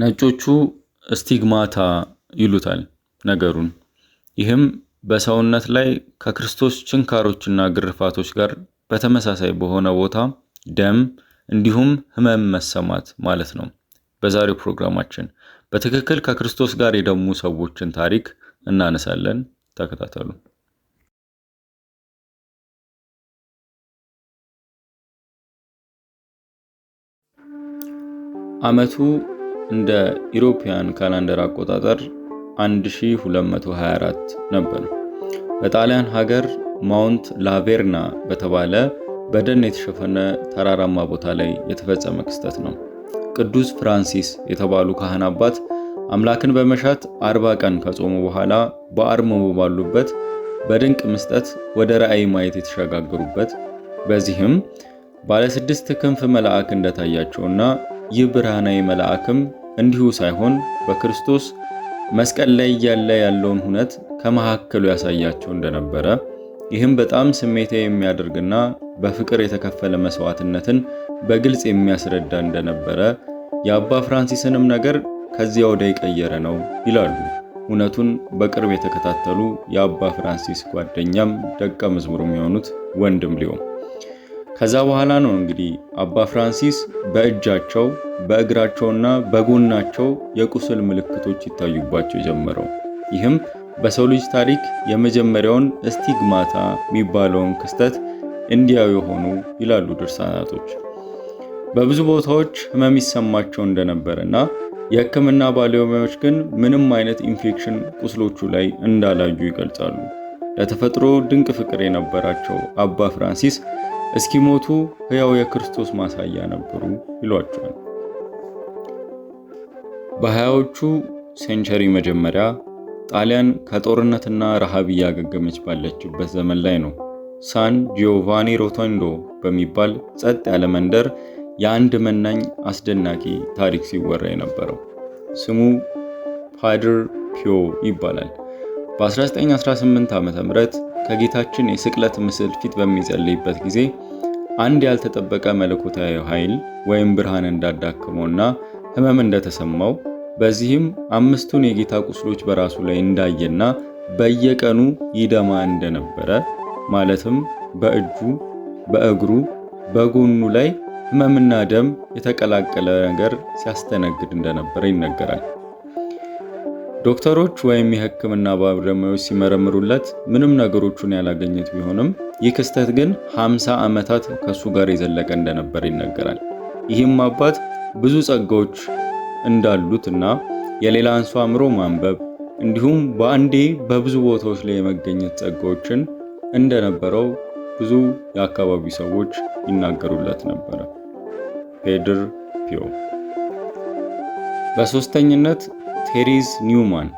ነጮቹ ስቲግማታ ይሉታል ነገሩን። ይህም በሰውነት ላይ ከክርስቶስ ችንካሮችና ግርፋቶች ጋር በተመሳሳይ በሆነ ቦታ ደም እንዲሁም ህመም መሰማት ማለት ነው። በዛሬው ፕሮግራማችን በትክክል ከክርስቶስ ጋር የደሙ ሰዎችን ታሪክ እናነሳለን። ተከታተሉ። ዓመቱ እንደ ኢሮፓያን ካላንደር አቆጣጠር 1224 ነበር። በጣሊያን ሀገር ማውንት ላቬርና በተባለ በደን የተሸፈነ ተራራማ ቦታ ላይ የተፈጸመ ክስተት ነው። ቅዱስ ፍራንሲስ የተባሉ ካህን አባት አምላክን በመሻት አርባ ቀን ከጾሙ በኋላ በአርምሞ ባሉበት በድንቅ ምስጠት ወደ ራእይ ማየት የተሸጋገሩበት በዚህም ባለስድስት ክንፍ መልአክ እንደታያቸውና ይህ ብርሃናዊ መልአክም እንዲሁ ሳይሆን በክርስቶስ መስቀል ላይ እያለ ያለውን ሁነት ከመካከሉ ያሳያቸው እንደነበረ ይህም በጣም ስሜታዊ የሚያደርግና በፍቅር የተከፈለ መስዋዕትነትን በግልጽ የሚያስረዳ እንደነበረ የአባ ፍራንሲስንም ነገር ከዚያ ወደ የቀየረ ነው ይላሉ። እውነቱን በቅርብ የተከታተሉ የአባ ፍራንሲስ ጓደኛም ደቀ መዝሙሩም የሆኑት ወንድም ሊሆን ከዛ በኋላ ነው እንግዲህ አባ ፍራንሲስ በእጃቸው በእግራቸውና በጎናቸው የቁስል ምልክቶች ይታዩባቸው የጀመረው። ይህም በሰው ልጅ ታሪክ የመጀመሪያውን እስቲግማታ የሚባለውን ክስተት እንዲያው የሆኑ ይላሉ ድርሳናቶች። በብዙ ቦታዎች ህመም ይሰማቸው እንደነበረ እና የህክምና ባለሙያዎች ግን ምንም አይነት ኢንፌክሽን ቁስሎቹ ላይ እንዳላዩ ይገልጻሉ። ለተፈጥሮ ድንቅ ፍቅር የነበራቸው አባ ፍራንሲስ እስኪሞቱ ሕያው የክርስቶስ ማሳያ ነበሩ ይሏቸዋል። በሀያዎቹ ሴንቸሪ መጀመሪያ ጣሊያን ከጦርነትና ረሃብ እያገገመች ባለችበት ዘመን ላይ ነው ሳን ጂዮቫኒ ሮቶንዶ በሚባል ጸጥ ያለ መንደር የአንድ መናኝ አስደናቂ ታሪክ ሲወራ የነበረው። ስሙ ፓድር ፒዮ ይባላል። በ1918 ም ከጌታችን የስቅለት ምስል ፊት በሚጸልይበት ጊዜ አንድ ያልተጠበቀ መለኮታዊ ኃይል ወይም ብርሃን እንዳዳክመውና ሕመም እንደተሰማው በዚህም አምስቱን የጌታ ቁስሎች በራሱ ላይ እንዳየና በየቀኑ ይደማ እንደነበረ ማለትም በእጁ፣ በእግሩ፣ በጎኑ ላይ ሕመምና ደም የተቀላቀለ ነገር ሲያስተነግድ እንደነበረ ይነገራል። ዶክተሮች ወይም የህክምና ባለሙያዎች ሲመረምሩለት ምንም ነገሮቹን ያላገኘት ቢሆንም ይህ ክስተት ግን 50 ዓመታት ከሱ ጋር የዘለቀ እንደነበር ይነገራል። ይህም አባት ብዙ ጸጋዎች እንዳሉት እና የሌላ አንሱ አእምሮ ማንበብ እንዲሁም በአንዴ በብዙ ቦታዎች ላይ የመገኘት ጸጋዎችን እንደነበረው ብዙ የአካባቢ ሰዎች ይናገሩለት ነበረ። ፔድር ፒዮ በሶስተኝነት ቴሪዝ ኒውማን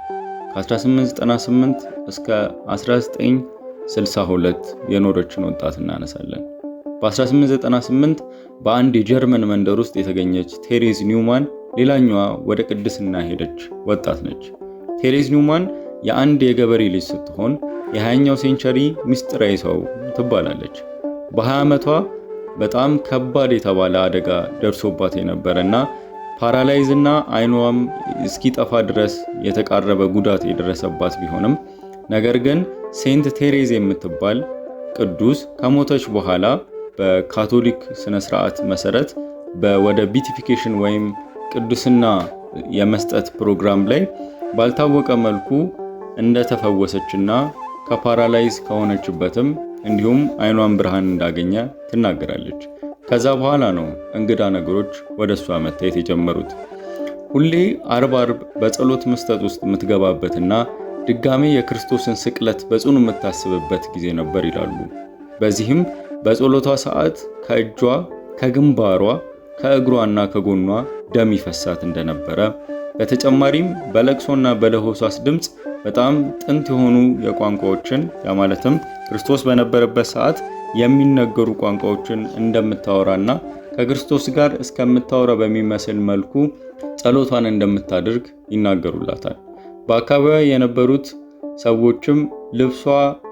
ከ1898 እስከ 1962 የኖረችን ወጣት እናነሳለን። በ1898 በአንድ የጀርመን መንደር ውስጥ የተገኘች ቴሬዝ ኒውማን ሌላኛዋ ወደ ቅድስና ሄደች ወጣት ነች። ቴሬዝ ኒውማን የአንድ የገበሬ ልጅ ስትሆን የ20ኛው ሴንቸሪ ሚስጥራዊ ሰው ትባላለች። በ20 ዓመቷ በጣም ከባድ የተባለ አደጋ ደርሶባት የነበረና ፓራላይዝ እና አይኗም እስኪጠፋ ድረስ የተቃረበ ጉዳት የደረሰባት ቢሆንም ነገር ግን ሴንት ቴሬዝ የምትባል ቅዱስ ከሞተች በኋላ በካቶሊክ ስነ ስርዓት መሰረት ወደ ቢቲፊኬሽን ወይም ቅዱስና የመስጠት ፕሮግራም ላይ ባልታወቀ መልኩ እንደተፈወሰችና ከፓራላይዝ ከሆነችበትም እንዲሁም አይኗን ብርሃን እንዳገኘ ትናገራለች። ከዛ በኋላ ነው እንግዳ ነገሮች ወደ እሷ መታየት የጀመሩት። ሁሌ አርብ አርብ በጸሎት መስጠት ውስጥ የምትገባበትና ድጋሜ የክርስቶስን ስቅለት በጽኑ የምታስብበት ጊዜ ነበር ይላሉ። በዚህም በጸሎቷ ሰዓት ከእጇ፣ ከግንባሯ፣ ከእግሯና ከጎኗ ደም ይፈሳት እንደነበረ በተጨማሪም በለቅሶና በለሆሳስ ድምፅ በጣም ጥንት የሆኑ የቋንቋዎችን ያ ማለትም ክርስቶስ በነበረበት ሰዓት የሚነገሩ ቋንቋዎችን እንደምታወራና ከክርስቶስ ጋር እስከምታወራ በሚመስል መልኩ ጸሎቷን እንደምታደርግ ይናገሩላታል። በአካባቢዋ የነበሩት ሰዎችም ልብሷ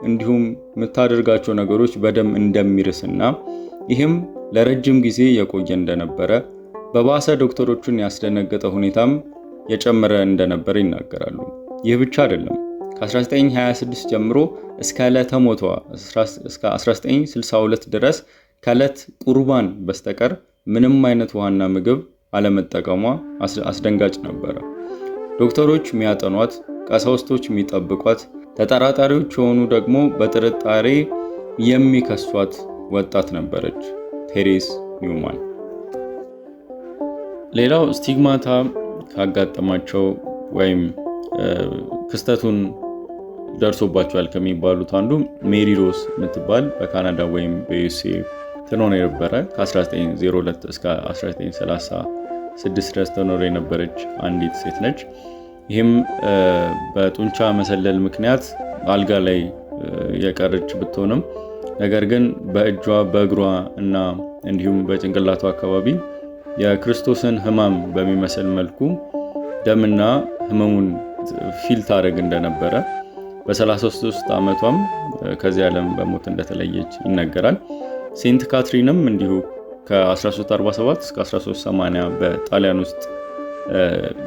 እንዲሁም የምታደርጋቸው ነገሮች በደም እንደሚርስና ይህም ለረጅም ጊዜ የቆየ እንደነበረ በባሰ ዶክተሮቹን ያስደነገጠ ሁኔታም የጨመረ እንደነበረ ይናገራሉ። ይህ ብቻ አይደለም። ከ1926 ጀምሮ እስከ ዕለተ ሞቷ እስከ 1962 ድረስ ከዕለት ቁርባን በስተቀር ምንም አይነት ውሃና ምግብ አለመጠቀሟ አስደንጋጭ ነበረ። ዶክተሮች የሚያጠኗት፣ ቀሳውስቶች የሚጠብቋት፣ ተጠራጣሪዎች የሆኑ ደግሞ በጥርጣሬ የሚከሷት ወጣት ነበረች ቴሬስ ኒውማን። ሌላው ስቲግማታ ካጋጠማቸው ወይም ክስተቱን ደርሶባቸዋል ከሚባሉት አንዱ ሜሪ ሮስ የምትባል በካናዳ ወይም በዩኤስኤ ትኖር የነበረ ከ1902 እስከ 1936 ድረስ ትኖር የነበረች አንዲት ሴት ነች። ይህም በጡንቻ መሰለል ምክንያት አልጋ ላይ የቀረች ብትሆንም ነገር ግን በእጇ በእግሯ እና እንዲሁም በጭንቅላቱ አካባቢ የክርስቶስን ሕማም በሚመስል መልኩ ደምና ሕመሙን ፊል ታደርግ እንደነበረ በ33 ዓመቷም ከዚህ ዓለም በሞት እንደተለየች ይነገራል። ሴንት ካትሪንም እንዲሁ ከ1347 እስከ 1380 በጣሊያን ውስጥ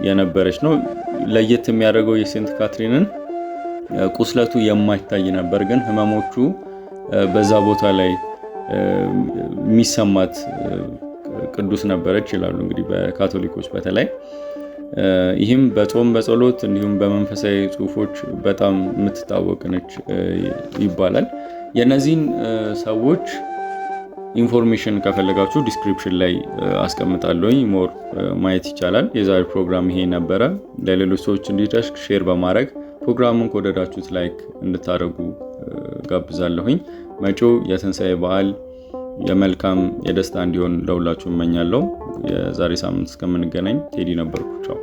የነበረች ነው። ለየት የሚያደርገው የሴንት ካትሪንን ቁስለቱ የማይታይ ነበር፣ ግን ህመሞቹ በዛ ቦታ ላይ የሚሰማት ቅዱስ ነበረች ይላሉ እንግዲህ በካቶሊኮች በተለይ ይህም በጾም በጸሎት እንዲሁም በመንፈሳዊ ጽሁፎች በጣም የምትታወቅ ነች ይባላል። የእነዚህን ሰዎች ኢንፎርሜሽን ከፈለጋችሁ ዲስክሪፕሽን ላይ አስቀምጣለሁኝ። ሞር ማየት ይቻላል። የዛሬ ፕሮግራም ይሄ ነበረ። ለሌሎች ሰዎች እንዲደርስ ሼር በማድረግ ፕሮግራሙን ከወደዳችሁት ላይክ እንድታደርጉ ጋብዛለሁኝ። መጪው የትንሣኤ በዓል የመልካም የደስታ እንዲሆን ለሁላችሁ እመኛለሁ። የዛሬ ሳምንት እስከምንገናኝ ቴዲ ነበርኩ። ቻው